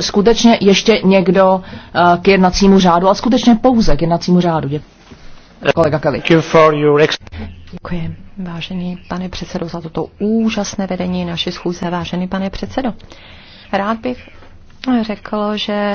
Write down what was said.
skutečně ještě někdo eh, k jednacímu řádu, ale skutečně pouze k jednacímu řádu. Děkuji. Kolega Kelly. Děkuji, vážený pane předsedo, za toto úžasné vedení naší schůze, vážený pane předsedo. Rád bych řekl, že